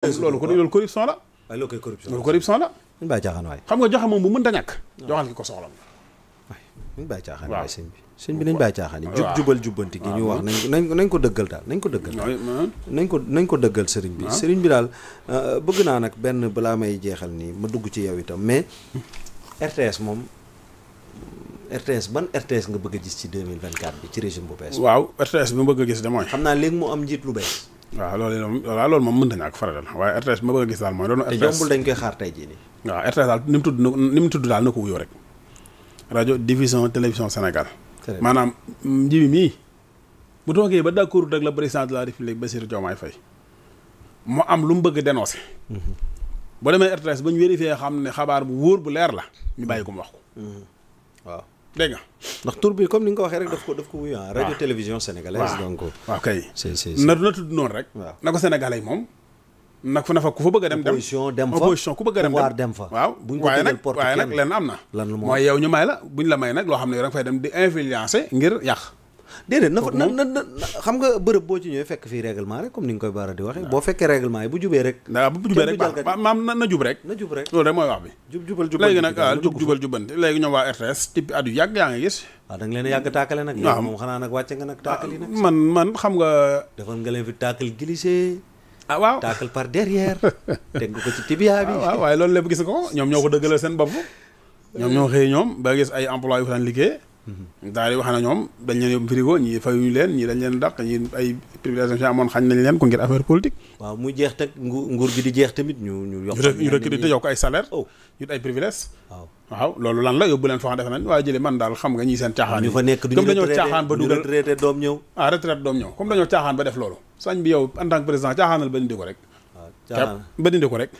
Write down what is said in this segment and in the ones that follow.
loolu loolu corruption la. waaw ah, loolu koy corruption la loolu corruption la. ñu caaxaan waay. xam nga joxe moom bu mën da ñàkk. joxal ki ko soxla. waay ñu bàyyi caaxaan waay sëñ bi. sëñ bi nañ bàyyi caaxaan jubal jubbanti gi ñu wax nañ nañ ko dëggal daal nañ ko dëggal nañ ko nañ ko dëggal sëriñ bi sëriñ bi daal euh, bëgg naa nag benn balaa may jeexal nii ma dugg ci yow itam mais RTS moom RTS ban RTS nga bëgg a gis ci 2024 bi ci régime bu bees waaw RTS bi ma bëgg gis de xam naa léegi mu am njiit lu bees waaw loolu moom waaw loolu moom mënta ñàkk farata la waaye RTS ma bëgg a gis daal mooy doon RTS te yombul dañ koy xaar tey jii nii waaw RTS daal ni mu tudd ni mu tudd daal na ko wuyoo rek rajo diffusion télévision Sénégal maanaam njibi mii bu toogee ba d'accord rek la bari président de la république Bassirou Diomaye Faye mu am lu mu bëgg dénoncé mhm. boo demee RTS ba ñu vérifié xam ne xabaar bu wóor bu leer la ñu bàyyi ko mu wax ko mhm. dégg nga. ndax tur bi comme ni nga ko waxee rek daf ko daf ko wuyu ah. radio ah. télévision sénégalaise. donc waaw ah, kay. si si na na tudd noonu rek. waaw na ko sénégalais moom. nag fa na fa ku fa bëgg dem dem dem fa opposition ku bëgg a dem dem fa waaw buñ ko tëjal porte waaye nag lenn am na. lan mooy yow ñu may la buñ la may nag loo xam ne da fay dem di influencer ngir yàq. déedéet na ko na na xam nga bërëb boo ci ñëwee fekk fii règlement rek comme ni nga koy baara di waxee boo fekkee règlement yi bu jubee rek waaw bu jubee rek baax maam na jub rek na loolu rek mooy wax bi jub jubal jubal léegi nag ah, ñoom waa RTS tippi yàgg yaa ngi gis waaw da leen yàgg taakale nag waaw moom xanaa nag wàcce nga nag taakal yi nag man man xam nga defal nga leen fi taakal glissé ah, waaw taakal par derrière teg nga ko ci tibia bi ah, waaw waaye loolu lépp gis nga ko ñoom ñoo ko dëggalal seen bopp ñoom ñoo ñoom ba gis ay emploi yu liggéey daal di wax na ñoom dañ leen yóbbu frigo ñii fayuñu leen ñii dañ leen dàq ñii ay privilège amoon xañ nañ leen ko ngir affaire politique waaw mu jeex teg nguur gi di jeex tamit ñu ñu yokk ñu recruté yokk ay salaire ñu oh. ay privilège waaw loolu lan la yóbbu leen foo xam defe nañ waaye jëlee man daal xam nga ñii seen caaxaan yi fa nekk comme dañoo caaxaan ba dugal retraité doom ñëw ah retraité doom ñëw comme dañoo caaxaan ba def loolu sañ bi yow en président caaxaanal ba dindi ko rek ba dindi ko rek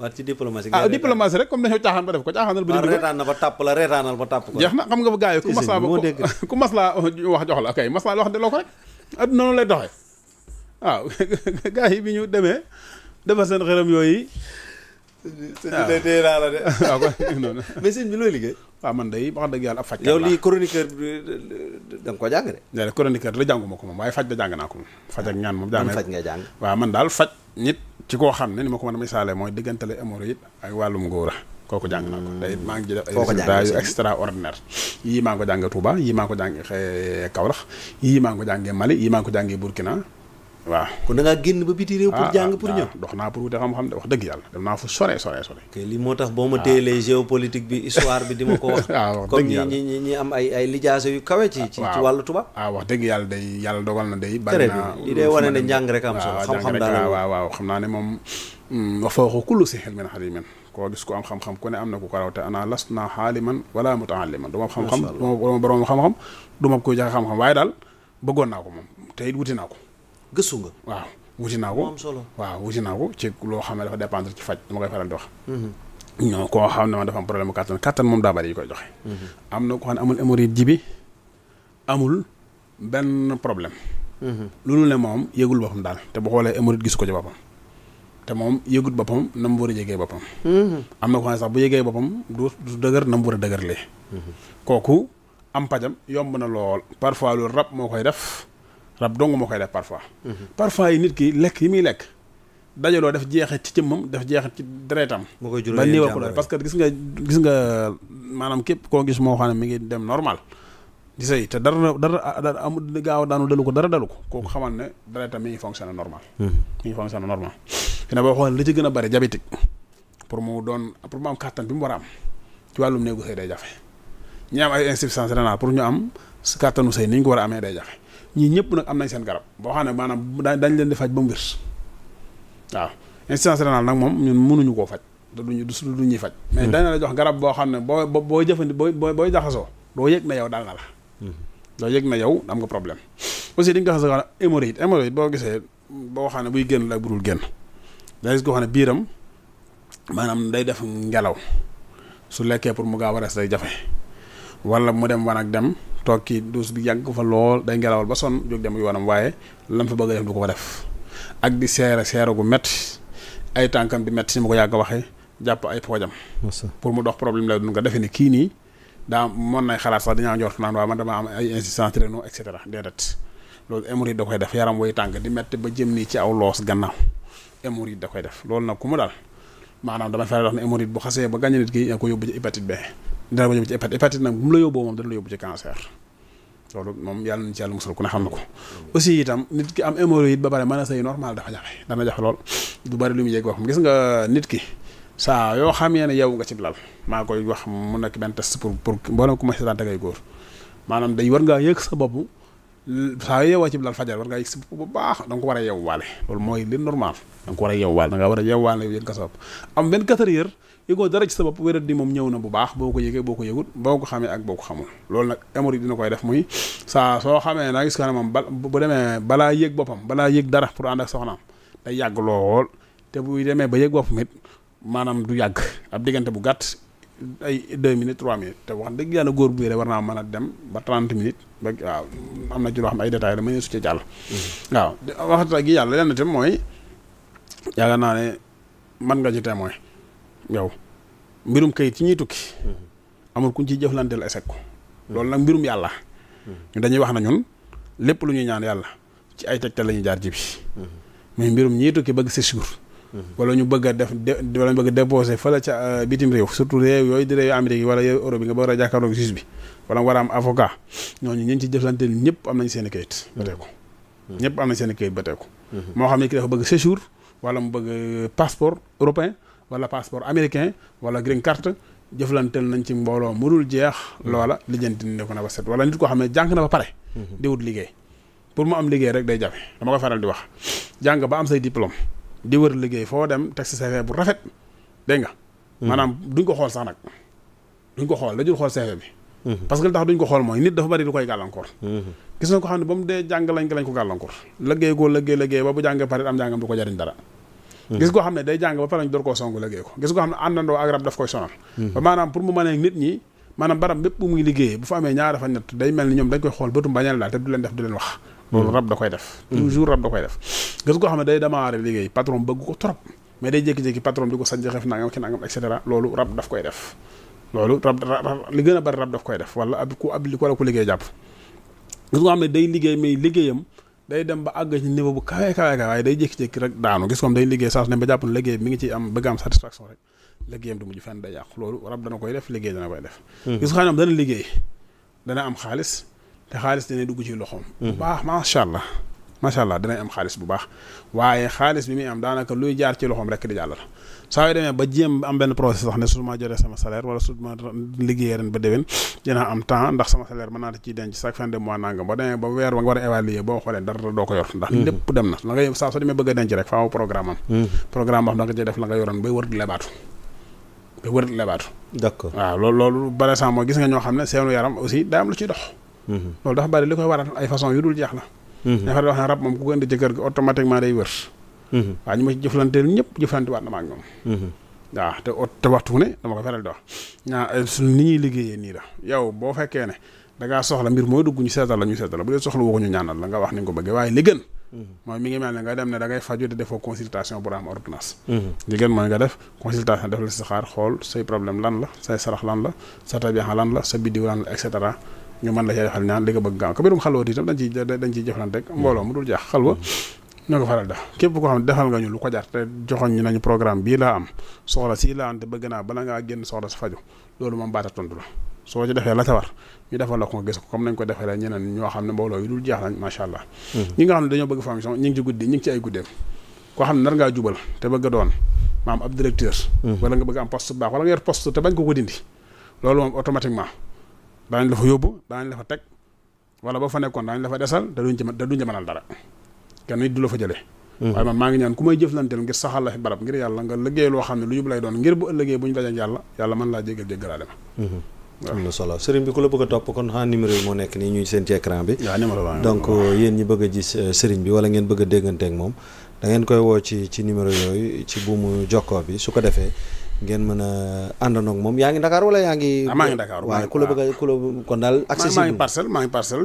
waaw ci diplomatie. ah diplomatie rek comme dañoo caaxaan ba def ko caaxaanal. ba dindi na ba tàpp la reetaanal ba tàpp jeex na xam nga gars yi ku maslaa ku maslaa wax jox la kay maslaa wax delloo ko rek. at noonu lay doxee waaw gars yi bi ñu demee defar seen xëram yooyu. waaw sëñ bi la de. waaw kon mais sëñ bi looy liggéey. waaw man day wax dëgg yàlla ab faj. yow lii chroniqueur da nga ko jàng de. déedéet chroniqueur la jànguma ko moom waaye faj ba jàng naa ko moom. faj ak ñaan moom jàng faj ngay jàng. ci ko xam ne ni ma ko mën a misaale mooy diggantale hémorroïde ak wàllum ngóora kooku jàng naa ko tey maa ngi ci def ay résultats yu extraordinaire yii maa ngi ko jàngee Touba yi maa ko jàngee Kaolack yii maa ngi ko jàngee Mali yii maa ngi ko jàngee Burkina waaw kon da ngaa génn ba biti réew. pour ah, jàng ah, pour ah, ñëw dox naa pour wuti xam-xam de wax dëgg yàlla dem naa fu sore sore sore. ok li moo tax boo ma teelee géopolitique bi histoire bi di ma ko wax. am ay ay lijaase yu kawe. ci ci ci wàllu tubaab. wax dëgg yàlla day yàlla dogal na day. bari naa li day njàng rek am solo. xam-xam daal waaw waaw naa ne moom. Mm, wa fawqa kulli si xel men xali men koo ko am xam-xam ku ne am na ku ko raw te ana las naa xaaliman wala mutaalliman du ma xam-xam du ma xam-xam du ma ko jàng xam-xam waaye daal bëggoon naa ko moom tey it wuti naa ko gëstu nga. waaw wuti naa ko waaw wuti naa ko ci loo xam ne dafa dépendre ci faj dama koy faral di wax. Mhm. ñoo koo xam ne man dafa am problème mu kattan kattan moom daa bari yi koy joxe. Mhm. am na ko xam ne amul hémorroïde ji bi amul benn problème. loolu mhm. ne moom yëgul boppam daal te bu xoolee hémorroïde gis ko ci boppam. te moom yëgut boppam na mu war a boppam. am na ko xam ne sax bu yëgee boppam du du dëgër na mu war a dëgërlee. kooku am pajam yomb na lool. parfois loolu rab moo koy def. rab dong moo koy def parfois. parfois yi nit ki lekk yi muy lekk dajaloo def jeexit ci cëmmam def jeexit ci deretam. moo koy jural yéen jàmm parce que gis nga gis nga maanaam képp koo gis moo xam ne mi ngi dem normal. di sëy te dara dara amul gaaw daanu dalu ko dara dalu ko kooku xamal ne deretam mi ngi fonctionné normal. Hmm. mi ngi fonctionné normal. fi boo xoolee li ci gën a bari diabétique pour mu doon pour mu am bi mu war am ci wàllum néegu sëy day jafe ñi am ay pour ñu am kàttanu sëy ni ñu ko war a amee day jafe. ñii ñëpp nag am nañ seen garab boo xam ne maanaam dañ leen di faj ba mu nag moom ñun mënuñu koo faj te duñu du ñuy faj mais hmm. dana jox garab boo xam ne boo boo jëfandi boo booy jaxasoo doo yëg yow daal na la hmm. doo na yow am nga problème aussi di nga jaxasoo xam ne hémorroïde hémorroïde boo gisee boo xam buy génn la budul génn day gis koo xam ne biiram maanaam day def ngelaw su lekkee pour mu war a res day jafe wala mu dem wan ak dem toog kii duus bi yàgg fa lool day ngelawal ba son jóg dem yoonam waaye lam fi bëgg a def du ko def ak di seere seere gu metti ay tànkam di metti si ma ko yàgg waxee jàpp ay poojam pour mu dox problème lay dun nga defe ne kii nii daa mën nay xalaat sax dañaa njort naan waa man dama am ay insistance réno et cetera déedéet loolu émoride da koy def yaram way tànk di metti ba jëm nii ci aw loos gannaaw émoride da koy def loolu nag ku mu daal maanaam dama fexe wax ba gàññe dara ba yóbbu ci hépatite hépatite nag mu la yóbboo moom dana la yóbbu ci cancer loolu moom yàlla nañ yàlla musal ku ne xam na ko mm. aussi itam nit ki am hémorroïde ba pare mën a sëy normal dafa jafe dana jafe lool du bari lu mu yegg wax gis nga nit ki saa yoo xamee ne yow nga ci lal maa koy wax mu nekk benn test pour pour mboolem ku ma seetaan da ngay góor maanaam day war ngaa yëg sa bopp saa yoo yeewoo ci bilal fajar war ngaa yëg si bu baax da nga ko war a yeewuwaale loolu mooy li normal da ko war a yeewuwaale da war a yeewuwaale yow yëg nga sa bopp am 24 heures yëgoo dara ci sa bopp wérat di moom ñëw na bu baax boo ko yëgee boo ko yëgut boo ko xamee ak boo ko xamul loolu nag amor yi dina koy def muy saa soo xamee naa gis ko ne moom ba bu demee balaa yëg boppam balaa yëg dara pour ànd ak soxnaam day yàgg lool te buy demee ba yëg boppam it maanaam du yàgg ab diggante bu gàtt ay deux minutes trois minutes te wax dëgg yàlla góor bu yore war naa mën a dem ba trente minutes ba waaw am na ci loo ay détails la ma ne su ca jàll mm-hmm. waaw wax waxta gi yàlla lenn tam mooy yaakaar naa ne man nga ci témoin yow mbirum kayit ci ñuy tukki mm-hmm. amul kuñ ciy jëflanteel échec ko mm-hmm. loolu nag mbirum yàlla ñu dañuy wax na ñun lépp lu ñuy ñaan yàlla ci ay tegtal la ñuy jaar ji bi muy mbirum ñiy tukki bëgg séjour wala ñu bëgg a def wala ñu bëgg déposé fële ca euh, bitim réew surtout réew yooyu di réew Amérique yi wala yooyu Europe yi nga war a jàkkaarloog juge bi wala a am avocat ñooñu ñun ci jëflante ñëpp am nañ seen i kayit ba teeku ñëpp am nañ seen i kayit ba teeku moo xam ne ki dafa bëgg séjour wala mu bëgg euh, passeport européen wala passeport américain wala green card jëflanteel nañ ci mbooloo mu dul jeex loola lijjanti ne ko na ba set wala nit koo xam ne jàng na ba pare di wut liggéey pour mu am liggéey rek day jafe dama koy faral di wax jànq ba am say diplôme di wër liggéey foo dem teg si CV bu rafet dégg nga. Hmm. maanaam duñ ko xool sax nag duñ ko xool dañu xool CV bi. Hmm. parce que li tax duñ ko xool mooy nit dafa bari lu koy gàllankoor. Hmm. gis na ko xam ne dee jàng lañ ko lañ ko gàllankoor. liggéey ko liggéey liggéey ba bu jàngee pare am jàngam du ko day jàng ba pare ñu door koo song liggéey ko gis koo xam ne àndandoo ak rab daf koy sonal. ba maanaam pour mu mën a nit ñi maanaam barab bépp bu muy liggéeyee bu fa amee ñaar dafa ñett day mel ni ñoom dañ koy xool bëtum bañal daal te du leen def du leen koy def. toujours koy def gis ko xam ne day démarrer liggéey patron bëgg ko trop mais day jékki-jékki patron di ko sañ xef nangam ki nangam et cetera loolu rab daf koy def loolu rab gën a bari rab daf koy def wala ab ku ab wala ku liggéey jàpp gis koo xam ne day liggéey mais liggéeyam day dem ba àgg ci niveau bu kawe kawe waaye day jékki-jékki rek daanu gis comme day liggéey saa su ne ba jàpp ne liggéey mi ngi ci am bëgg am satisfaction rek liggéeyam du mujj fenn day yàqu loolu dana koy def liggéey dana koy def hmm. gis xam ne dana liggéey dana am xaalis te xaalis dana dugg ci loxoom bu hmm. baax macha allah macha allah dinañ am xaalis bu baax waaye xaalis bi muy am daanaka luy jaar ci loxoom rek di jàll la saa yu demee ba jéem am benn process sax ne su ma jotee sama salaire wala su ma liggéeyee ren ba déwén dinaa am temps ndax sama salaire mën naa ciy denc chaque fin de mois nangam ba demee ba weer ba nga war a évaluer boo xoolee dara doo ko yor ndax hmm. lépp dem na la nga saa soo demee bëgg a denc rek faaw programme am hmm. programme boo xam nga cee def gis nga ñoo xam ne seenu yaram aussi daa am hmm. ay façon yu jeex la Mhm. dafa wax ne rab moom ku ko indi ci kër gi automatiquement day wër mhm. waaw ñu ma ci jëflanteel ñëpp jëflante waat na ma ak ñoom mhm. waaw te te waxtu ne dama ko faral di ñaa eh, suñu ni ñuy liggéeyee nii la yow boo fekkee ne da ngaa soxla mbir mooy dugg ñu seetal la ñu seetal la bu dee soxla waxuñu ñaanal la nga wax ni nga ko bëggee waaye li gën mooy mi ngi mel ne nga dem ne da ngay faju te defoo consultation bu am ordonnance li gën mooy nga def consultation def la si xaar xool say problème lan la say sarax lan la sa tabiaxa lan la sa biddiw lan la et ñu man la cee defal ñaan li nga bëgg gaaw ko mbirum xalwa itam dañ ci dañ rek mbooloo mu dul jeex xalwa ñoo ko faral def képp koo xam ne defal ko jar ñu nañu ngaa génn soxla si faju moom baata tontu la soo ci la ca war ñu defal ko nga gis ko comme nañ ko defee ñeneen ñoo xam ne mbooloo yi dul jeex lañ macha allah hmm. ñi nga xam ne dañoo bëgg formation ñi ci guddi ñi ci ay guddeem koo xam ne nar ngaa jubal te bëgg a doon maam ab directeur hmm. wala nga bëgg am poste baax wala nga yor poste te bañ ko ko dindi daañu la fa yóbbu daañu la fa teg wala boo fa nekkoon daañu la fa desal te duñ ci te duñ dara kenn nit du la fa jële hmm. waaye man maa ngi ñaan ku may jëflanteel ngir saxal la fi ngir yàlla nga liggéey loo xam ne lu yub lay doon ngir bu ëllëgee bu ñu dajeek yàlla yàlla mën laa jégal jéggalaale ma hmm. am na solo sëriñ bi ku la bëgg a topp kon xanaa numéro yi moo nekk nii ñuy seen ci écran bi donc euh, yéen ñi bëgg a gis euh, sëriñ bi wala ngeen bëgg a déggante moom da ngeen woo ci ci numéro yooyu ci bu jokkoo bi su ko defee ngeen mën a àndandoo moom yaa ngi Dakar wala yaa ngi. ah maa ngi Dakar waaw ku la bëgg a ku la kon daal. accessible maa ngi parcelle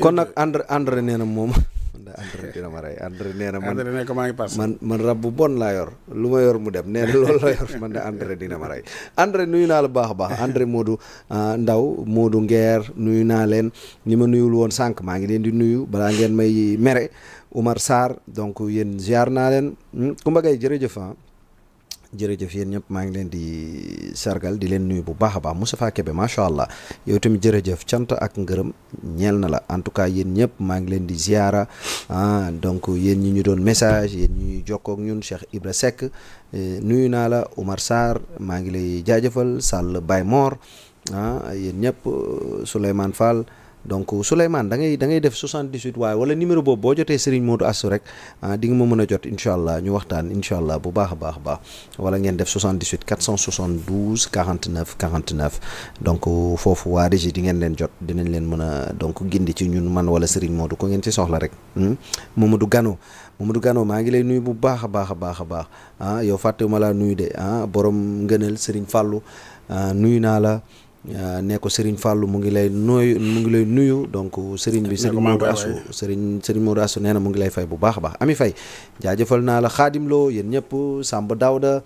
kon nag Andre Andre nee na moom. Andre dina ma rey Andre nee na man Andre nee ko rab bu bon laa yor lu ma yor mu dem nee lool loolu la yor man de Andre dina ma rey Andre nuyu naa la baax baax Andre Modou ah, Ndaw Modou Nguer nuyu naa leen ñi ma nuyul woon sànq maa ngi leen di nuyu balaa ngeen may mere Umar Sarr donc yéen ziar naa leen Kumba hmm, Gaye jërëjëf ah. jërëjëf yéen ñëpp maa ngi leen di sargal di leen nuyu bu baax a baax Moustapha Kébé macha allah yow tamit jërëjëf cant ak ngërëm ñeel na la en tout cas yéen ñëpp maa ngi leen di ziara ah donc yéen ñi ñu doon message yéen ñuy jokkoo ak ñun Cheikh Ibra Seck eh, nuyu naa la Umar Sarr maa ngi lay jaajëfal Sall bay Mor ah yéen ñëpp Souleymane Fall. donc Souleymane da ngay da ngay def 78 waaye wala numéro boobu boo jotee Serigne Modou Astou rek ah, di nga ma mën a jot incha allah ñu waxtaan incha allah bu baax a baax a baax wala ngeen def 78 472 49 49 donc foofu waa régie di ngeen leen jot dinañ leen mën a donc gindi ci ñun man wala Serigne Modou ko ngeen ci soxla rek hmm? Mamadou Gano du Gano maa ngi lay nuyu bu baax a baax a baax a ah, yow fàttewuma laa nuyu de ah borom ngënal Serigne Fallou ah, nuyu naa la. Euh, nee ko Serigne Fallou mu ngi lay nuyu mu ngi lay nuyu donc Serigne bi Serigne Modou Assou Serigne Serigne Modou Assou nee na mu ngi lay fay bu baax baax ami fay jaajëfal naa la Xaadim Lo yéen ñëpp Samba bu ñaa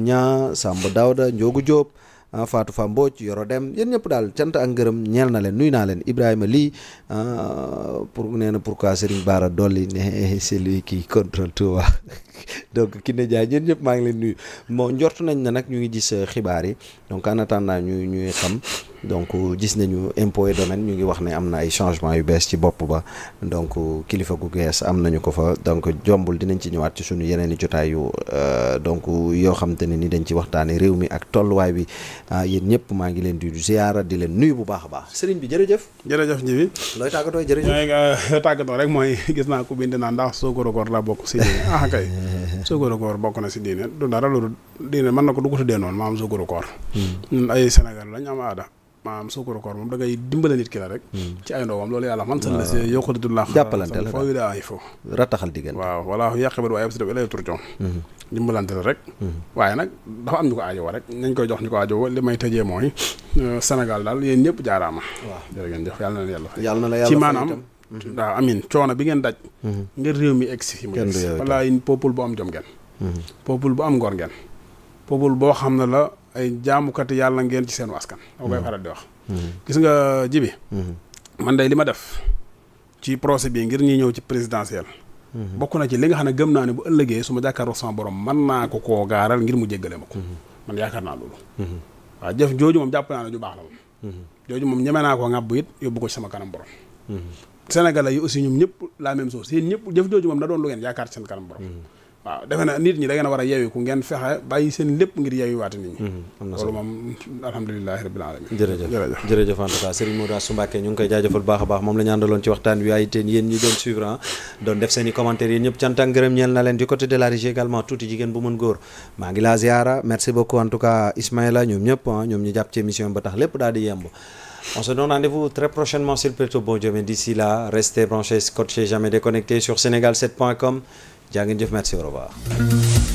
Niang Samba Daouda Ndiogu Diop Ah, Fatou Fa Mbodj Yoro Dem yéen ñëpp daal cant ak ngërëm ñeel na leen nuy naa leen Ibrahima lii ah, pour nee na pourquoi baara Bara Dolly ne c'est lui qui contrôle tout donc Kiné Ndiaye ñun ñëpp maa ngi leen nuyu moo njort nañ ne nag ñu ngi gis euh, xibaar yi donc en naa ñu ñuy xam donc gis nañu impôt et ñu ngi wax ne am na ay changement yu bees ci bopp ba donc kilifa gu gees am nañu ko fa donc jombul dinañ ci ñëwaat ci suñu yeneen i jotaay yu euh, donc yoo xam te ne dañ ci waxtaanee réew mi ak tolluwaay bi Ah, yéen ñëpp maa ngi leen di ziyaara di leen nuyu bu baax a baax sëriñ bi jërëjëf jërëjëf ji bi looy tàggatoo jërëjëf mooy euh, tàggatoo rek mooy gis naa ku bind naa ndax soogaru koor la bokk si diine ah kay bokk na si diine du dara loolu diine mën na ko du ko tuddee noonu maam soogaru koor hmm. ay Sénégal lañ am aada maanaam suukaru koor moom da ngay dimbale nit ki la rek hmm. ci ay ndoom loolu yàlla man san la si yokkadidullah jàppalante la foo wi ay fo rattaxal hmm. la rek hmm. waaye nag dafa am ñu ko aajowoo rek nañ koy jox ñu ko aajowoo li may tëjee mooy euh, Sénégal daal yéen ñëpp jaaraama waaw jërë ngeen jëf la yàlla ci maanaam waaw amin coono bi ngeen daj ngir réew mi egsi fi mu egsi walaay popul bu am jom ngeen popul bu am ngor ngeen popul boo xam ne la ay jaamukati yàlla ngeen ci seen askan. dama koy hmm. faral di wax. Hmm. gis nga jibi hmm. man day li ma def ci procès bi ngir ñuy ñëw ci présidentiel. bokk na ci li nga xam ne gëm naa ne bu ëllëgee su ma jàkkaarloo sama borom mën naa ko koo gaaral ngir mu jéggale ma ko. man yaakaar naa loolu. waaw jëf jooju moom jàpp naa ne ju baax la moom. jooju moom ñeme naa ko ŋàbb it yóbbu ko ci sama kanam borom. Sénégalais yi aussi ñoom ñëpp la même chose yéen ñëpp jëf jooju moom na doon yaakaar seen kanam borom. waaw defe na nit ñi da ngeen yeewi ku ngeen fexe bàyyi seen lépp ngir yeewi waate nit ñi mm-hmm, am na solo loolu alamin jërëjëf jërëjëf jërëjëf en tout cas Serigne ñu ngi koy jaajëfal baax baax moom la ñu ci waxtaan wi ay teen yéen ñi doon suivre ah, doon def seen i commentaires yéen ñëpp ngërëm ñeel na leen du côté de la régie également tuuti jigéen bu mën góor maa ngi laa ziara merci beaucoup en tout cas Ismaïla ñoom ñëpp ah, jaa ngeen jëf merci au revoir